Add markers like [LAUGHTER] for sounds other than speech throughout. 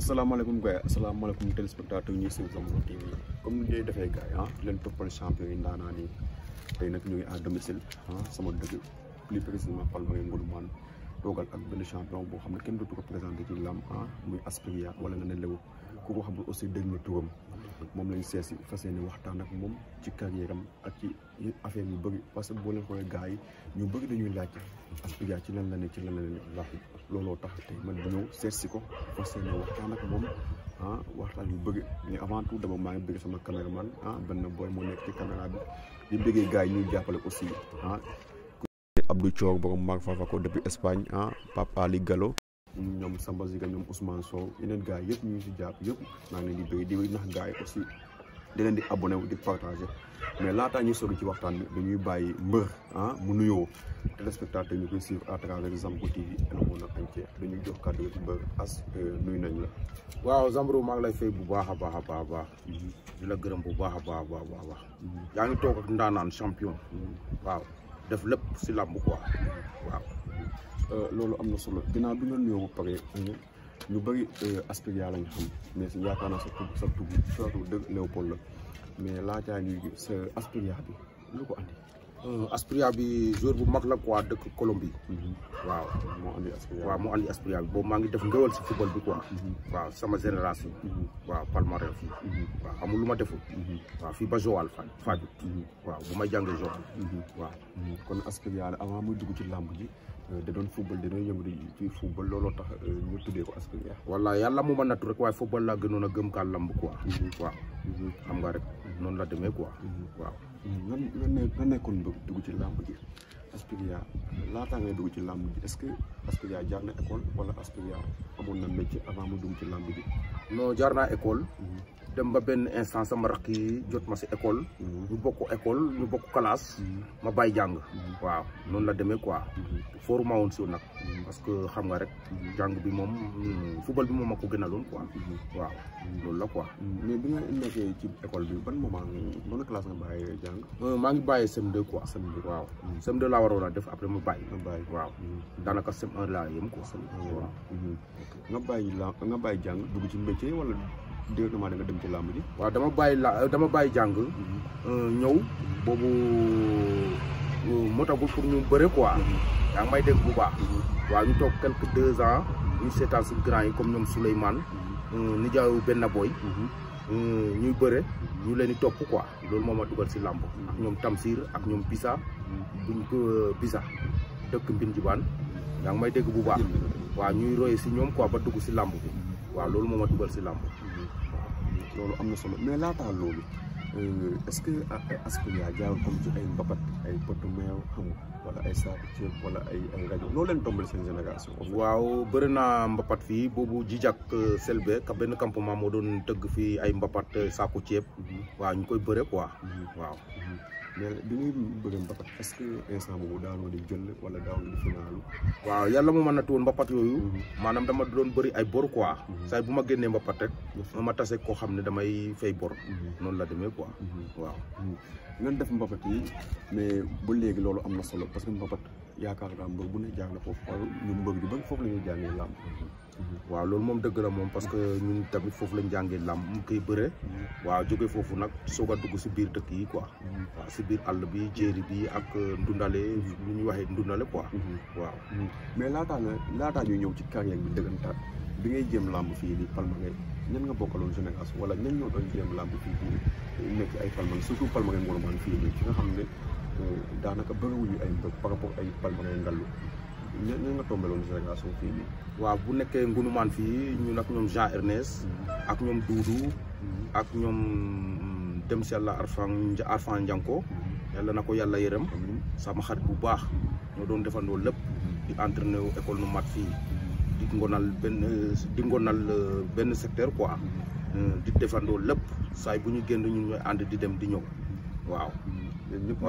asalaamaaleykum gars yi asalaamaaleykum téléspectateur ñuy suivre Zambro TV comme ni ñu defee gars yi ah di leen toppal champion yi ndaanaan yi tey nag ñu ngi à domicile ah sama dëkk plus précisément Palma Ngouye Ngouloumane toogal ak benn champion boo xam ne kenn dootu ko présenté ci lam ah muy Asprilla wala nga ne ku ko xamul aussi dégg nga turam moom lañ sees si fas yéene waxtaan ak moom ci carrière am ak ci affaire yu bëri parce que boo leen xoolee gars yi ñu bëri dañuy laaj Astou Dia ci lan la ne ci lan la ne ndax looloo tax tey man bu ñëw sees si ko fas yéene waxtaan ak moom ah waxtaan yu bëri mais avant tout dama maa ngi bëgg sama caméraman ah benn booy moo nekk ci caméra bi di bëggee gars yi ñuy jàppale aussi ah Abdou Thior borom Marfafa ko depuis Espagne ah Papa Ali Gallo ñoom Samba Ziga ñoom Ousmane Sow yeneen gars yëpp ñu ngi si jàpp yëpp maa ngi leen di béy di nax gars aussi di leen di abonné wu di partagé mais laataa ñuy solu ci waxtaan bi dañuy bàyyi mbër ah mu nuyoo téléspectateur ñu koy suivre à travers Zambro TV El Monde Entier dañuy jox kàddu ci mbër euh, nuyu nañ la. waaw Zambro maa ngi lay fay bu baax a baax a baax a baax. Mm-hmm. di la gërëm bu baax a baax a baax a baax. Mm-hmm. yaa ngi toog ak ndaanaan champion. Mm-hmm. waaw def lépp si làmb ko waaw. Euh, loolu am na solo ginnaaw bi nga nuyoo ba pare ñu bëri euh, Asperia lañ xam mais yaakaar naa sa tur sa tur surtout dëgg Léopold la mais laataa ñuy sa Asperia bi euh, bi joueur bu mag la quoi dëkk Colombie. Mm-hmm. waaw moo andi Asperia waaw moo andi bi boobu maa ngi def ngëwal si football bi quoi. Mm-hmm. waaw sama génération. Mm-hmm. waaw palmarès fii. waaw amul lu ma deful. waaw fii ba Joal fan Fadiouth. waaw bu ma jàngee Joal. waaw kon Asperia la avant muy dugg ci làmb ji. Euh, da doon football da doon yëngu ci football looloo tax euh, ñu tuddee ko askan wi. walla yàlla mu ma nattu rek waaye football laa gënoon a gëm kaa lamb ko mhm. waaw mhm. xam nga rek noonu la demee quoi. Mhm. waaw. nga ne nga nekkoon dugg ci lamb ji Asfixiya laataa ngay dugg ci lamb ji est-ce que Asfixiya jaar na école walla Asfixiya amoon na métier avant mu dugg ci lamb ji. non jaar naa école. dem ba benn instant sama rakk yi jot ma si école. Mhm. ñu bokk école ñu bokk classe. Mhm. ma bàyyi jàng. Mhm. waaw noonu la demee quoi. fooru ma woon si nag. parce que xam nga rek. jàng bi moom hmm, football bi moom ma ko gënaloon quoi. waaw loolu la quoi. mais bi nga nekkee ci école bi ban moment ban classe nga bàyyi jàng. Euh, maa ngi bàyyi CM2 quoi. CM2 waaw CM2 laa waroon a def après ma bàyyi. ma bàyyi waaw daanaka CM1 laa yem quoi. CM1 nga bàyyi la nga bàyyi jàng dugg ci métier wala. maa da nga dem ci làmb ji. waaw dama bàyyi la dama bàyyi jàng. Mhm. Euh, ñëw boobu euh, motagul pour ñu bëre quoi. Mhm. yaa ngi may dégg bu baax. Mhm. waaw ñu toog quelque deux ans. ñu seetaan suñu yi comme ñoom Souleymane. Euh, nijaayu benn boy. ñuy bëre ñu leen di topp quoi loolu si làmb ak ñoom Tamsir ak ñoom Bisa buñ ko Bisa dëkk Mbin Jibaan yaa ngi may dégg bu baax waaw ñuy roye si ñoom quoi ba dugg si làmb waaw loolu moom ma dugal si làmb loolu am na solo mais laataa loolu euh, est-ce que euh, Asfiya jaarul comme ci ay mbapat ay potu meew xam wala ay saaku ceeb wala ay ngajo loolu leen tombal seen génération. waaw bëri naa mbapat fii boobu jijak euh, selbe ka benn campement moo doon tëgg fii ay mbapat saaku ceeb. Mhm. waaw ñu koy bëre quoi mhm. waaw. Mhm. mel bi ngay bëgg mbapat est ce que instant bobu da di jël wala da di finalu waaw yalla mo mëna tuun mbapat yoyu manam dama doon bëri ay bor quoi mhm. say buma gënné mbapat rek ma tassé ko xamné damay fay bor mhm. non la démé quoi mhm. waaw ñun def mbapat yi mais bu légui lolu amna solo parce que mbapat yaakaar nga mbëg bu ne jàng fofu ñu mbëg di bëg fofu lañu jàngé lamb Mhm. Wah, loolu moom dëgg la moom parce que ñun tamit foofu lañ jàngee làmb mu koy bëree. Mhm. waaw jógee foofu nag soog a dugg si biir dëkk yi mhm. si biir àll bi jéeri bi ak euh, ndundale lu ñuy waxee ndundale quoi. waaw. mais laataa nga laataa ñu ñëw ci carrière bi dëggante bi ngay jëm làmb fii nii palma ngay ñan nga bokkaloon Sénégal jam lam ñoo doon jëm làmb fii nii nekk ay palma surtout palma ngay ngoromaan fii nii ci nga xam ne euh, ay mbëg par ñu nga tombé won délégation fi ni wa bu nekké ngunuman fi ñu nak ñom Jean mm, Arfan Arfan Njanko yalla nako yalla sama xat bu baax di entraîner école nu di ngonal ben di ngonal euh, ben secteur quoi euh, di defandoo lepp say bu dem di ñew waaw ñepp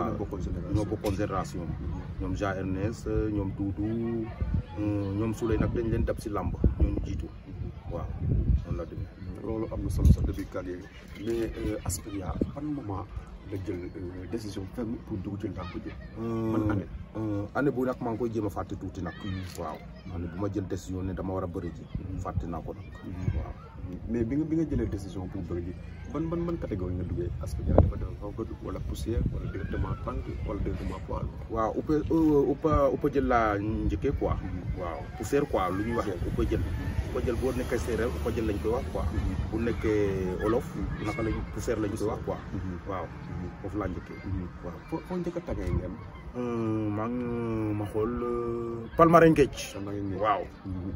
ñoo ñoom Jean ñoom tuutu euh, ñoom Souley nag dañ leen dab si làmb ñooñu jiitu waaw la demee. loolu am na solo sax depuis carrière mais euh, Asperia ban moment la jël euh, décision ferme pour dugg ci làmb ji. man année. année bu nag maa ngi koy jéem a fàtte tuuti nag. Mm. waaw année bu ma jël décision ne dama war a bëri mm. fàtte naa ko nag. Mm. waaw mais bi nga bi nga jëlee décision pour bëri ban ban ban catégorie nga duggee Asfixian dafa doon xaw nga dugg wala poussière wala directement tànk wala directement poids waaw uppa euh, uppa uppa jël laa njëkkee quoi. waaw poussière quoi lu ñuy wax uppa jël. uppa jël boo nekkee séeréer uppa jël lañ koy wax quoi. Mm-hmm. bu nekkee olof. naka lañ poussière lañ koy wax quoi. Mm-hmm. waaw mm-hmm. foofu laa njëkkee. waaw foo foo ngeen. Euh, ma xool. Euh, palmarin Géej. Palmarin Géej waaw.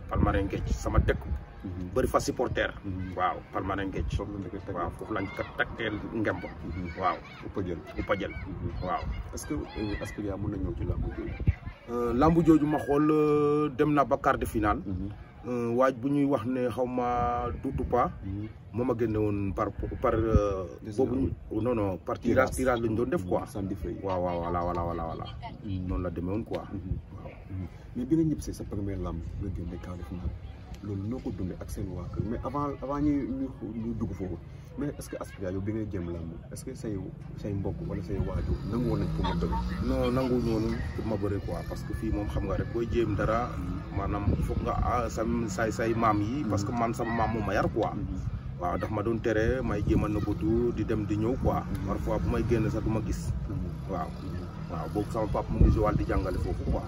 Palmarin sama dëkk. Mhm. bërfasi porter mhm. waaw permanent gec waaw fofu lañ ko takkel ngëm ba waaw upa jël upa jël waaw est-ce que est-ce que ya mëna ñëw ci lambu jojju euh lambu jojju ma xol dem na ba de finale mhm. euh waaj bu ñuy wax ne xawma doutu pas moma gënë won par par bobu non non par tirage tirage lañ doon def quoi sandi fay waaw waaw wala wala wala wala non la démé won quoi mais bi nga ñëpp sa première lambu nga gënë quart de finale loolu noo ko dundee ak seen waa kër mais avant avant ñuy ñu dugg foofu mais est ce que bi ngay jëm làmb est ce que say say mbokk wala say waajur nangu woon nañ pour ma bëri. non nangu noonu pour ma parce que fii moom xam nga rek booy jéem dara maanaam foog nga ah, sa say say maam yi. Mm-hmm. parce que man sama maam moo ma yar quoi. Mm-hmm. waaw ndax ma doon tere may jéem a nëbbatu di dem di ñëw quoi. Mm-hmm. parfois bu may génn sax du ma gis. waaw waaw boobu sama papa mu ngi di jàngale foofu quoi.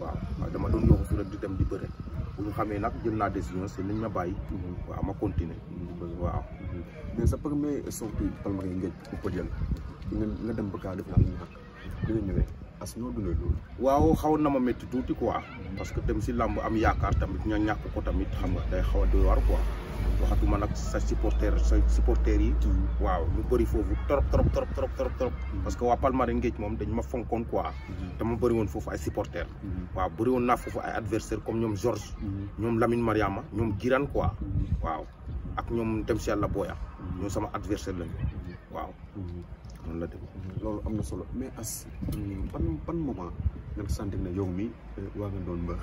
waaw dama doon yokk di dem di bëre. bu ñu xamee nag jël naa décision si nañ ma bàyyi. Mhm. waaw ma continuer. Mhm. waaw. Mhm. mais sa premier sortie Palmarin Nguédj bu ko jël nga dem ba kaa def naa li ñu xaq li nga ñëwee as ñoo dundee loolu. waaw xaw na ma métti tuuti quoi. parce que dem si làmb am yaakaar tamit ña ñàkk ko tamit xam nga day xaw a doy waar quoi. waxatuma nag sa supporter sa supporter yi mm. waaw ñu bëri foofu trop trop trop trop trop trop mm. parce que waa Palmarin ngéej moom dañu ma fonkoon quoi mm. ma bëri woon foofu ay supporter waaw bëri woon naa foofu ay adversaire comme ñoom Georges ñoom Lamine Mariama ñoom Girane quoi waaw ak ñoom dem si yàlla booya ñoo sama adversaire lañu waaw noonu la dem loolu am na solo mais as ban ban moment nga sentir na yow mi eh, waa nga doon mbër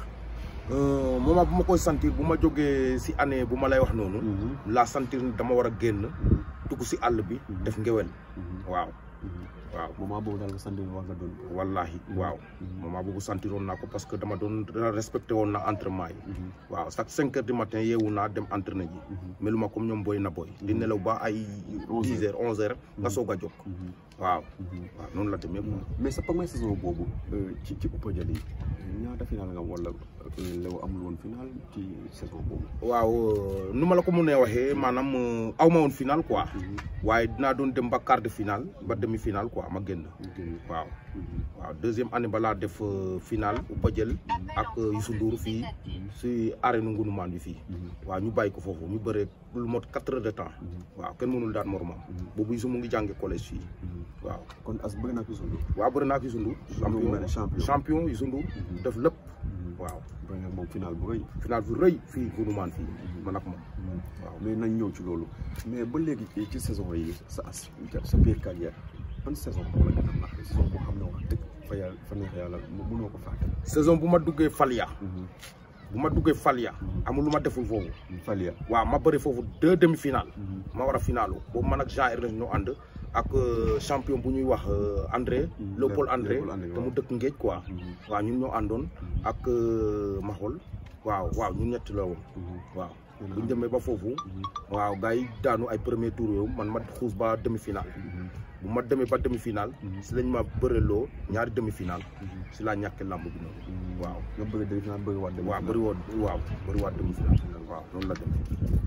Euh, moment bu ma koy santiir bu ma jógee si année bu ma lay wax noonu. Mhm. laa sentir dama war a génn. Mhm. dugg si àll bi mhm. def ngewel waaw. waaw moment boobu daal nga sant war nga doon. wallaahi waaw. Mhm. moment boobu santiroon naa ko parce que dama doon respecté woon na entraînement yi. Mhm. waaw chaque cinq heures du matin yeewu naa dem entraîné ji. Mhm. meluma comme ñoom booy na booy. di nelaw ba ay. dix heures onze heures nga soog a jóg. waaw. waaw noonu la demee quoi. mais sa première saison boobu euh, ci ci Upper Jalil ñaata final nga am wala lew euh, amul woon final ci saison boobu. waaw euh, nu ma la ko mënee waxee maanaam aw ma woon final quoi. waaye dinaa doon dem ba quart de final ba demi final quoi ma génn waaw mm-hmm. waaw deuxième année balaa laa def euh, final ba jël ak euh, Youssou Ndour fii mm-hmm. si arène ngunumaan bi fii mm-hmm. waaw ñu bàyyi ko foofu ñu bëree lu mot quatre heures de temps waaw kenn mënul daan moromam boobu Youssou mu ngi jànge collège fii waaw kon as bëri naa ak Youssou Ndour waaw bëri naa ak Youssou Ndour champion Youssou Ndour def lépp waaw moom final bu rëy final bu rëy fii gunumaan fii man ak moom waaw mais nañ ñëw ci loolu mais ba léegi ci saison yi sa as sa biir carrière ban saison boo boo xam ne wax dëgg fa yàlla fa neex ko fàtte. saison bu ma duggee Falia. Mm-hmm. bu ma duggee Falia. Mm-hmm. amul lu ma deful foofu. Mm-hmm. Falia waaw ma bëri foofu deux demi final. ma war a finalu boobu man ak Jean Ernest ñoo ànd. ak euh, champion bu ñuy wax euh, André. Léopold André te mu dëkk Ngéej quoi. waaw ñu ñoo àndoon ak euh, Maxol. waaw waaw ñun ñett la woon. bu ñu demee ba foofu. waaw gars yi daanu ay premier tour yooyu man ma xuus ba demi final. bu ma demee ba demi-finale mhm. si lañ ma bëreloo ñaari demi-finale mhm. si la ñàkk làmb bi noonu mhm. waaw nga bëgg bëri waat waaw bëri woon waaw bëri noonu la dem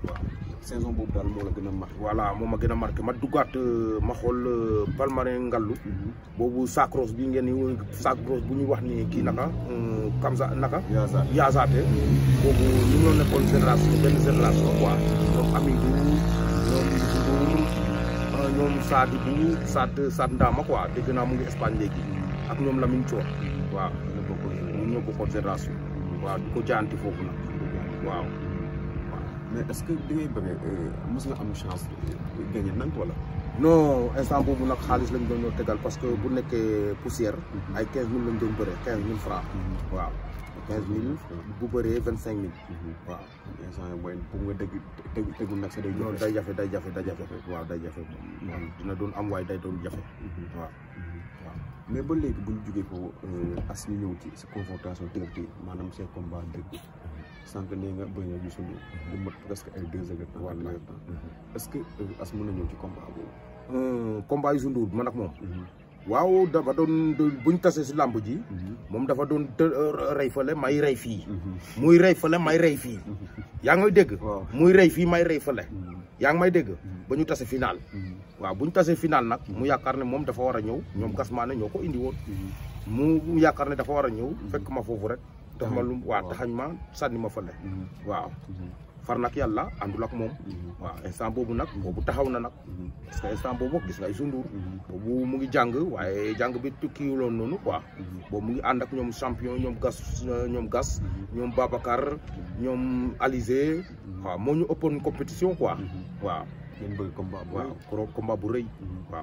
waaw saison boobu daal moo la gën a marqué voilà moo ma gën a marke ma duggaat euh, ma xool euh, palmarin ngallu boobu sacros bi ngeen ni sacros bu ñuy wax ni kii naka euh, kamsa naka yaasaate boobu ñu ñoo nekkoon génération benn génération quoi donc ami du ñoom Sadio Diouf Sadio Sadio Ndama quoi dégg naa mu ngi Espagne léegi ak ñoom Lamine Thior waaw ñoom ñoo bokkoon génération waaw di ko jaanti foofu la waaw. mais est-ce que di ngay bëgg euh, mos nga am chance gagné nag wala. non instant boobu nag xaalis lañ doon tegal parce que bu nekkee poussière. Mhm. ay quinze mille lañ doon bëree quinze mille francs mhm. waaw. quinze mm-hmm. bu bëree vingt cinq mille mm-hmm. waaw instant yi pour nga dëgg dëgg dëggu nag sa day loolu day jafe day jafe day jafe waaw day jafe mm-hmm. dina doon am waaye day doon jafe waaw mais ba léegi bu ñu jógee ko euh, as ñu ñëw ci sa confrontation direct yi maanaam seen combat direct yi sànq nee nga bëri na gisuñu bu mat presque ay deux heures de temps wala que euh, as mën na ñëw ci combat boobu euh, combat yu sunduur man ak moom waaw dafa doon buñ tasee si làmb ji mhm. moom dafa doon euh, rey fa fale may rey fii mhm. muy rey fale may rey fii mhm. yaa ngi may dégg muy rey fii may rey fale yaa ngi may dégg ba ñu tase final waaw bu ñu tasee final nag mu yaakaar ne moom dafa war a ñëw ñoom gasmaane ñoo ko indi woon mu yaakaar ne dafa war a ñëw fekk ma foofu rek tax ma lu waa taxañ ma sànni ma fale waaw farnak yalla andul ak mom mhm. wa instant bobu nak mhm. bobu taxaw na nak parce mhm. que instant bobu gis nga isundur bobu mu ngi jang waye jang bi tukki wulon nonu quoi bobu mu ngi and ak ñom champion ñom gas ñom eh, gas ñom babakar ñom alizé wa mo ñu open compétition quoi wa ñu bëgg combat wa combat bu reuy wa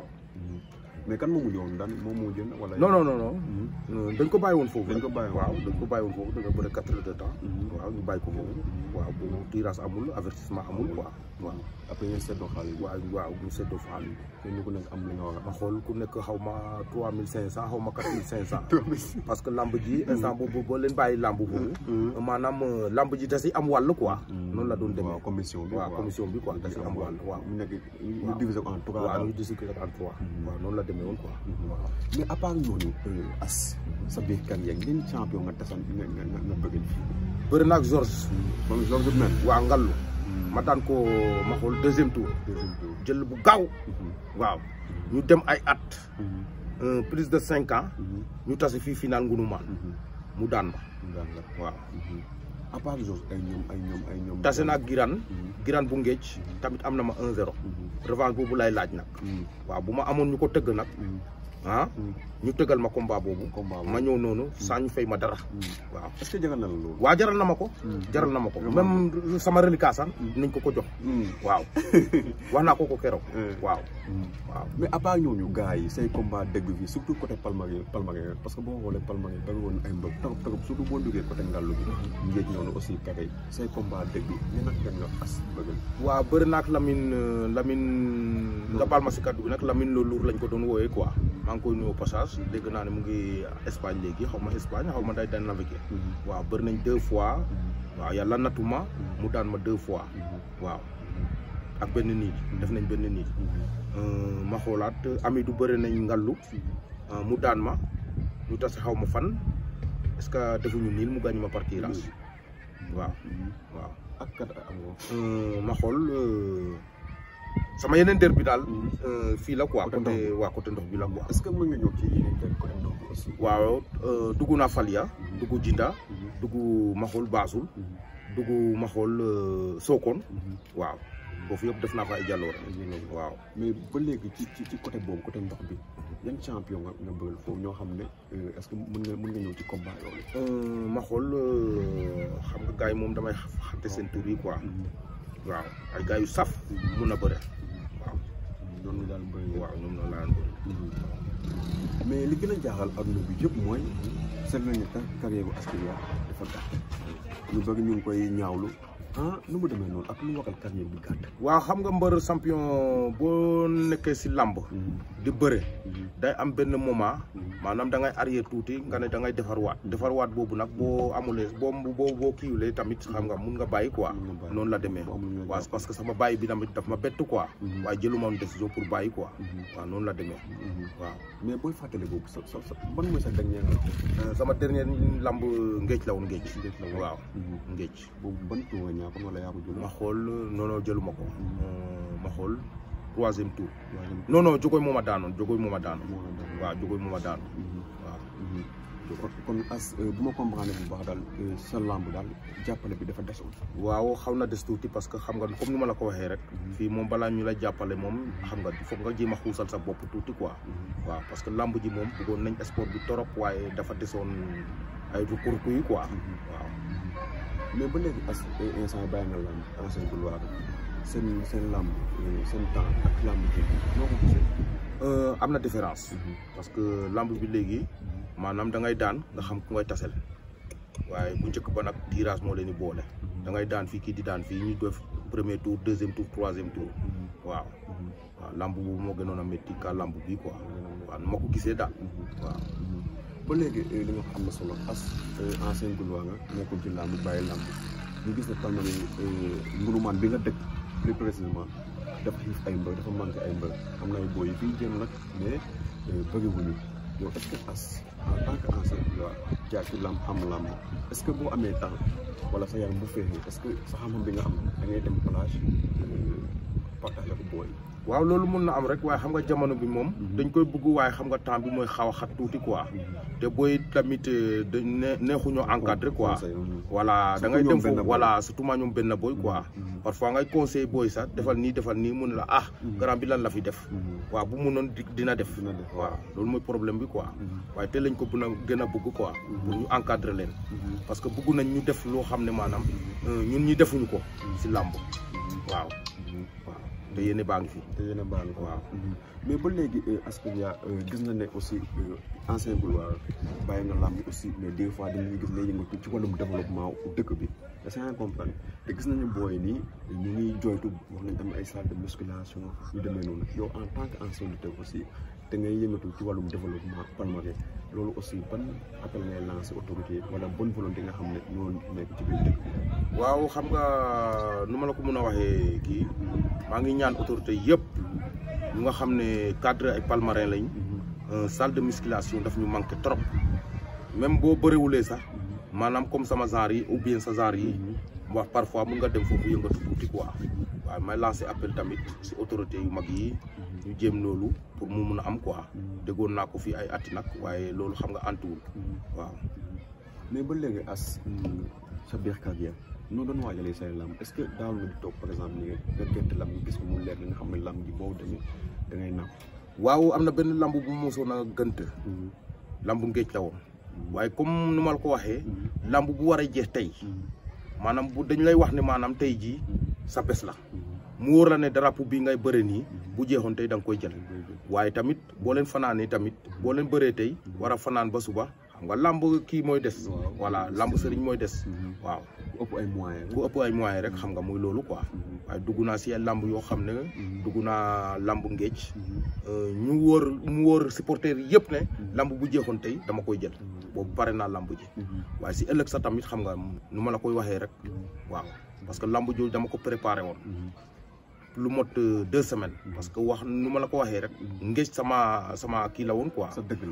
mais kan moomu ñewon dan moomu jeun wala non non non non hmm. euh, dañ ko bayiwon fofu dañ ko bayiwon waaw dañ ko bayiwon fofu dañ ko bëre 4 heures de temps hmm. waaw ñu bayiko fofu hmm. waaw bu tirage amul avertissement amul waaw waaw après ngeen seddoo xaalis waaw waaw ñu seddoo xaalis ñu ko nekk am li nga war a xool ku nekk xaw ma trois mille cinq cent xaw ma quatre mille cinq cent [LAUGHS] parce que lamb ji instant boobu boo leen bàyyi lamb boobu mm, mm. maanaam euh, lamb ji da si am wàll quoi mm. noonu la doon demee commission bi waaw commission bi quoi da si am wàll waaw mu nekk ñu divisé ko en trois waaw ñu divisé ko en trois waaw noonu la demee woon quoi waaw mais à part ñooñu euh, as sa biir carrière ngeen champion nga tasan nga nga nga bëgg bëri naag Georges moom Georges Mène waaw ngallu ma daan ko maxul deuxième deuxième tour jël bu gaaw. Mhm. waaw ñu dem ay at. Mhm. Euh, plus de cinq ans. Mhm. ñu tase fii final ngunu maan mu daan ma. mu daan la waaw. à ay ñoom ay ñoom ay tase naa Giraan. Giraan bu Ngéej. tamit am na ma 1-0. revanche boobu lay laaj nag. waaw bu ma amoon ñu ko tëgg nag. ah mm. ñu tëgal ma combat boobu ma ñëw noonu mm. saa ñu fay ma dara mm. waaw est que jaral na la jaral na ma ko jaral na ma ko même sama reliquat sax nañ ko ko jox waaw [LAUGHS] wax naa ko ko keroog waaw waaw mais à part ñooñu gars yi say combat dëgg bi surtout côté Palmarin Palmarin parce que boo xoolee Palmarin bari woon ay mbër trop trop surtout boo duggee côté Ngallu bi ngéej ñoonu aussi kare euh, nga as ma si kaddu bi nag Lamine loolu lañ ko doon wooyee quoi maa ngi koy nuyoo dégg naa ne mu ngi Espagne léegi xaw ma Espagne xaw ma day daan navigué mm-hmm. waa bëri nañ deux fois mm-hmm. waaw yàlla natuma mu mm-hmm. daan ma deux fois waaw ak benn nii def nañ benn nii euh, ma ami du bëri nañ ngallu euh, mu daan ma ñu tase xaw ma fan est-ce que defuñu niil mu gàñ ma par tirage mm-hmm. waaw mm-hmm. waaw ak euh, sama yeneen dër bi daal mm-hmm. fii la quoi waa côté ndox bi la quoi que mën nga ñëw waaw dugg naa Falia dugg Jinda dugg ma xool Baasul dugg ma xool waaw foofu yëpp daf naa ko ay jàlloor waaw mais ba léegi ci ci ci côté boobu côté ndox bi yan champion nga nga bëgg foofu ñoo xam ne euh, est-ce que mën nga mën nga ñëw ci combat yooyu euh, ma xool euh, xam nga gars yi moom damay xante seen tur yi quoi hmm. waaw ay gars yu saf mun na bëre waaw ñoom ñu daan bëri waaw ñoom hmm. mais li gën a jaaxal adduna bi yëpp mooy seetlu nañu carrière bu askan wi dafa gàtt ñu bëgg ñu ngi koy ñaawlu ah nu mu demee noonu ak lu mu waxal carrière bu gàtt. waaw xam nga mbër champion boo nekkee si làmb mhm. di bëre. Mhm. day am benn moment. Mhm. maanaam da ngay arrière tuuti nga ne da ngay defarwaat. defarwaat boobu nag boo amulee boo boo boo kiiwulee tamit xam nga mun nga bàyyi quoi. noonu la demee waaw parce que sama bàyyi bi tamit daf ma bett quoi. waaye jëluma woon décision pour bàyyi quoi. waaw noonu la demee. waaw mais booy fàttali boobu sa sa sa ban mooy sa dernier euh, sama dernier lamb ngéej la woon ngéej. ngéej la waaw ngéej. ñaa kon wala yaa ko jël ma xool non non jëluma ko mm. ma xool troisième tour non non jogoy mooma daanoon jogoy mooma daanoon waaw jogoy mooma daanoon mm-hmm. waaw mm-hmm. kon as euh, bu ma comprendre bu baax daal euh, sa lamb daal jàppale bi dafa desul waaw xaw na des tuuti parce que xam nga comme ni ma la ko waxee rek mm-hmm. fii moom balaa ñu la jàppale moom xam nga foog nga jéem a xuusal sa bopp tuuti quoi waaw parce que lamb ji moom bëggoon nañ sport bi torop waaye dafa desoon ay rukurku yi quoi waaw mais bu nek as instant eh, bay na lamb ancien couloir sen sen lamb sen temps ak lamb bi noko gisse euh amna différence parce que lamb bi legui manam da ngay dan nga xam ku ngay tassel waye bu ñëk ba nak tirage mo leen di bolé da ngay dan fi ki di dan fi ñu def premier tour deuxième tour troisième tour waaw lamb bu mo gënon na metti ka lamb bi quoi waan mako gisse da mhm. waaw ba léegi eh, li nga xam ne solo as eh, ancien gulwaa nga nekkul ci làmb bàyyi làmb ñu gis ne tànn eh, ngurumaan bi nga dëkk plus précisément dafa xiif ay mbër dafa manqué ay mbër am na ay booy yi fiy jëm nag mais bëriwuñu yow est-ce que as en tant que ancien gulwaa jaar ci làmb am làmb est que boo amee temps wala sa yaram bu feexee est-ce que sa xam-xam bi nga am da ngay dem plage partage ak booy waaw loolu mun na am rek waaye xam nga jamono bi moom. Mhm. dañ koy bugg waaye xam nga temps bi mooy xaw a xat tuuti quoi. Mhm. te booy tamit euh, dañ ne neexuñoo oh, encadré quoi. Mhm. voilà da ngay dem foofu voilà surtout maa ñoom benn booy quoi. parfois ngay conseil booy sax defal nii defal nii mun la ah. grand bi lan la fi def. waaw bu munoon dina def. waaw loolu mooy problème bi quoi. waaye te lañ ko bën na gën a bëgg ko pour ñu encadré leen. parce que bëgg nañ ñu def loo xam ne maanaam euh, ñun ñi defuñu ko. si làmb waaw. te yéene baa ngi fi. te yéene baa ngi fi waaw. Mhm. mais ba léegi euh, Asfinia euh, gis na ne aussi euh, ancien boulevard bàyyi nga làmb aussi mais des fois dañuy gis lay yëngatu ci wàllum développement dëkk bi est-ce que comprendre te gis nañu booy nii ñu ngi joytu wax nañ am ay salle de musculation demee noonu yow en tant que ancien lutteur aussi te ngay yëngatu ci wàllum développement palmarès loolu aussi ban appel ngay lancer autorité wala bonne volonté nga xam ne ñoo nekk ci xam nga nu ma la ko mën a waxee kii. maa ngi ñaan autorité yëpp ñu nga xam ne cadre ay palmarin lañ euh, salle de musculation daf ñu manqué trop même boo bëriwulee sax maanaam comme sama genre yi ou bien sa genre yi mhm. wax parfois mun nga dem foofu yëngatu tuuti quoi waaye may lancer appel tamit si autorité yu mag yi mhm. ñu jéem loolu pour mu mun a am quoi mhm. déggoon naa ko fii ay atti nag waaye loolu xam nga antuwul waaw mais ba léegi as hmm, sa biir carrière noo doon waajalee say lamb est-ce que daaw nga di toog par exemple ni nga gerte lamb gis ko mu leer li nga tamit da ngay naam waaw am na benn lamb bu mu mosoo a gënt mhm. lamb ngéej la woon mhm. waaye comme nu ma la ko waxee mhm. lamb bu war a jeex tey maanaam bu dañ lay wax ne maanaam tey jii sa bés la mu wóor la ne drapeau bi ngay bëre nii bu jeexoon tey da nga koy jël waaye tamit boo leen fanaanee tamit boo leen bëree tey war a fanaan ba suba xam nga lamb kii mooy des voilà lamb sëriñ mooy des waaw ëpp ay moyens ku ëpp ay moyens rek xam nga muy loolu quoi. Mm-hmm. waaye dugg si ay lamb yoo xam ne. Mm-hmm. dugg naa lamb ngéej. Mm-hmm. Euh, ñu wóor mu wóor supporter yëpp ne. lamb bu jeexoon tey dama koy jël. bo pare naa lamb ji. waaye si ëllëg sa tamit xam nga nu ma la koy waxee rek. waaw parce que lamb jooju dama ko préparé lu mot euh, deux semaines mm-hmm. parce que wax nu ma la ko waxee rek ngéej sama sama kii la woon quoi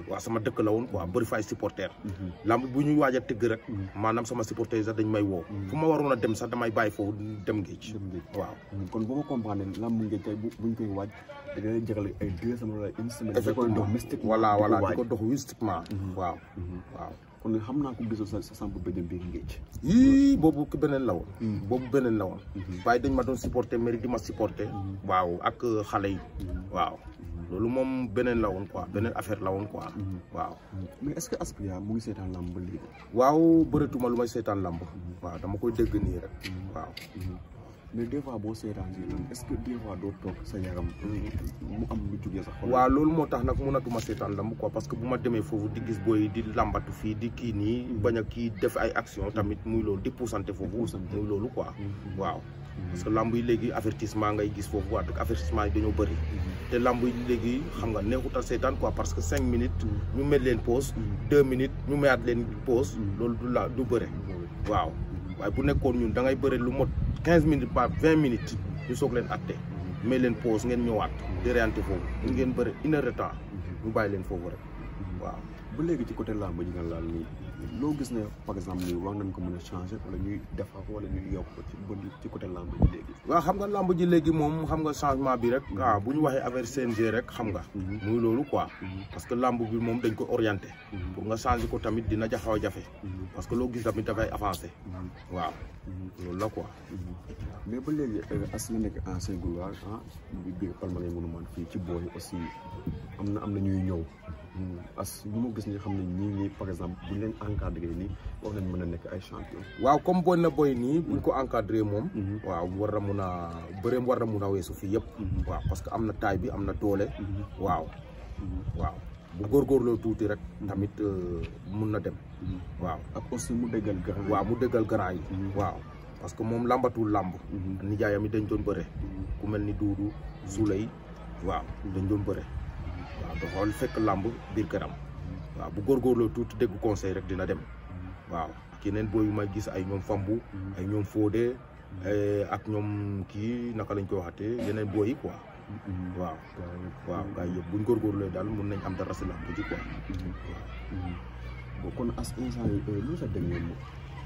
waaw sama dëkk la woon quoi bëri fay supporter mm-hmm. lamb bu ñuy waaj a tëgg rek mm-hmm. maanaam sama supporter sax dañ may woo fu ma waroon a dem sax damay bàyyi foofu dem ngéej waaw kon boo ko comprendre lamb ngéej tey buñ koy waaj da ngay jëgal ay deux semaines wala une semaine ko dox mystiquement waaw kon xam naa ko gisoo sa sa bu bëjëm bi ngeej. yii boobu beneen la woon. boobu beneen la woon. dañ ma doon supporté mère di ma supporter. Mm-hmm. waaw ak uh, xale yi. Mm-hmm. waaw mm-hmm. loolu moom beneen la woon quoi beneen affaire la woon quoi. waaw. mais est ce que aspiria mu ngi seetaan lamb léegi. waaw bëreetuma lu may seetaan lamb. waaw dama koy dégg nii rek. waaw. mais des fois boo seetaan si lan est-ce que des fois euh, mu jugee sax waaw loolu moo tax nag mënatuma seetaan lamb ko parce que bu ma demee foofu di gis booy di lambatu fii di kii nii bañ a kii def ay action mm-hmm. tamit muy loolu di puusante foofu muy loolu quoi mm-hmm. waaw mm-hmm. parce que lamb yi léegi avertissement ngay gis foofu waa avertissement yi dañoo bëri te lamb yi léegi xam nga neexutal seetaan quoi parce que cinq minutes ñu met leen pause deux minutes ñu mayaat leen pause loolu du laa du bëre waaw waaye bu nekkoon ñun da ngay bëre lu mot quinze minutes ba vingt minutes ñu soog leen atte mais leen pause ngeen ñëwaat di reyante foofu ngeen bëri une heure de temps ñu bàyyi leen foofu rek waaw ba léegi ci côté làmb ji nga laal nii loo gis ne par exemple nii war nañ ko mën a changer wala ñuy defar wala ñuy yokk ci bënd ci côté lamb ji léegi. waaw xam nga làmb ji léegi moom xam nga changement bi rek. waaw ah, bu ñu waxee affaire CNG rek xam nga. Mhm. muy loolu quoi. Mhm. parce que làmb bi moom dañ ko orienté. Mhm. pour nga changer ko tamit dina jaxaw a jafe. parce que loo gis tamit dafay avancé. waaw loolu la quoi. mais ba léegi euh, as nga nekk ancien gloire ah biir palmarès monument fii ci booy aussi am na am na ñuy ñëw. Euh, as ñu ma gis ñi xam ne ñii ñii par exemple bu ñu leen encadré nii war nañ mën a nekk ay champion waaw comme booy na boy nii buñ mm. ko encadré moom mm-hmm. waaw war na mun a bëreem war na mun a weesu fii yëpp mm-hmm. waaw parce que am na taay bi am na doole mm-hmm. waaw waaw bu góorgóorloo tuuti rek tamit euh, mun na dem waaw ak aussi mu déggal grand mu déggal grand yi waaw parce que moom làmbatul làmb nijaayam yi dañ doon bëre ku mel ni duudu sulay waaw dañ doon bëre waaw dafa xool fekk làmb biir këram waaw bu góorgóorloo tuuti dégg conseil rek dina dem waaw ak yeneen booy yu may gis ay ñoom fambu ay ñoom Fodé eh, ak ñoom kii naka lañ koy waxatee yeneen booy waaw waaw gars yëpp buñ góorgóorloo daal mun nañ am dara si làmb ji kon as instant yii euh, lu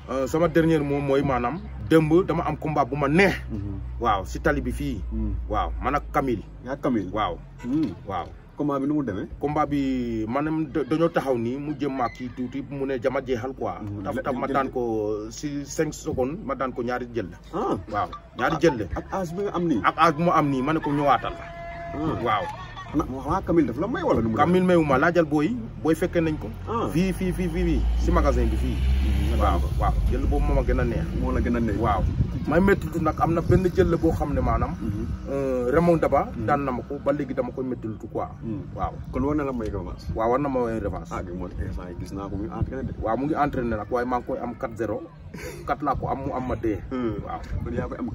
euh, sama dernier moom mooy maanaam. dëmb dama am combat bu ma neex. Mhm. waaw si tali bi fii. Mhm. waaw man ak Camille. waaw. Mhm. combat bi nu mu demee. combat bi maanaam dañoo taxaw nii mu jëm ma kii tuuti mu ne jama jeexal quoi. dafa mm, tax ma daan ko si cinq secondes ma daan ko ñaari jël la. Ah. waaw ñaari jël la. ak am nii. ak mu am nii ma ne ko ñëwaatal. Ah. waaw. xanaa xanaa Kamil daf la may wala nu mu. Kamil mayu ma laajal booy booy fekkee nañ ko. Ah. fii fii fii fii si magasin bi fii. Mm, waaw waaw jël boobu moom a gën a neex. moo a gën a neex waaw. may méttilu nag am na benn jël la boo xam ne maanaam. Mm-hmm. Euh, Raymond Daba. Mm-hmm. daan na ma ko ba léegi dama koy méttilutu quoi. Mm. waaw kon war na la may revanche. waaw na ma may revanche. ah eh, gis mu ngi entraîné de. waaw mu ngi entraîné nag waaye maa ngi koy am 4-0. kat laa ko am mu am ma dee. Hmm. waaw kon yaa ko waaw muy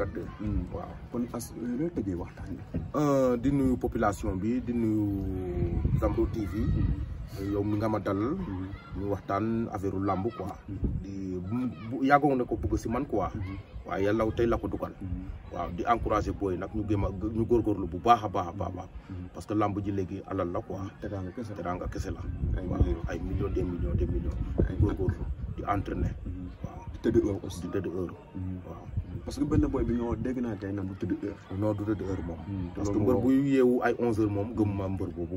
kat dee waaw kon as looy tëjee waxtaan euh, di nuyu population bi di nuyu Zambro TV hmm. yow mi nga ma dalal hmm. ñu waxtaan affaire làmb quoi di bu yàggoon na ko bëgg si man quoi waaw yàlla tey la ko dugal waaw di encouragé booy nag ñu gëm a ñu góorgóorlu bu baax a baax a baax parce que làmb ji léegi alal la quoi teraanga kese la waaw ay millions des millions des millions góorgóorlu di entraîner. waaw di tëdd heure aussi di tëdd heure. parce que benn boy bi ñoo dégg naa tey nag bu tëdd heure. non du tëdd heure moom. Hmm, parce que mbër bu yeewu ay onze heures moom gëmuma hmm.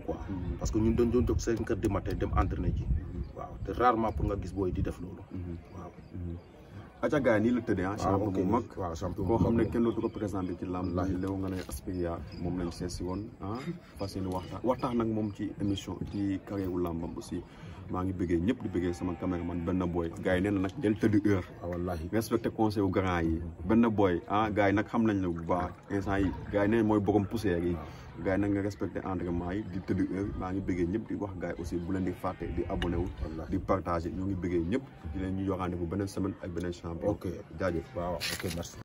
parce que ñun dañ doon jóg cinq heures du dem entraîner ji. Hmm. waaw te rarement pour nga gis booy di def loolu. waaw. acca nii la tëddee ah. ah champion bu mag waaw champion bu mag xam ne kenn dootu ko présenté ci làmb. wallaahi léew nga ne Asperia moom lañ seesi woon ah. fas yéene wax waxtaan nag moom ci émission ci carrière wu làmbam aussi. maa ngi bëggee ñëpp di bëggee sama caméraman benn booy gars yi nee na nag del tëdd heure ah, wallaahi conseil wu yi benn booy ah nag xam nañ la bu baax instant yi gars yi mooy borom poussière yi gars yi nag nga respecté entraînement yi di tëdd heure maa ngi bëggee ñëpp di wax gars yi aussi bu leen di fàtte di abonné wu di partagé ñoo ngi bëggee ñëpp di leen ñu yoxaande bu beneen semaine ak beneen champion ok jaajëf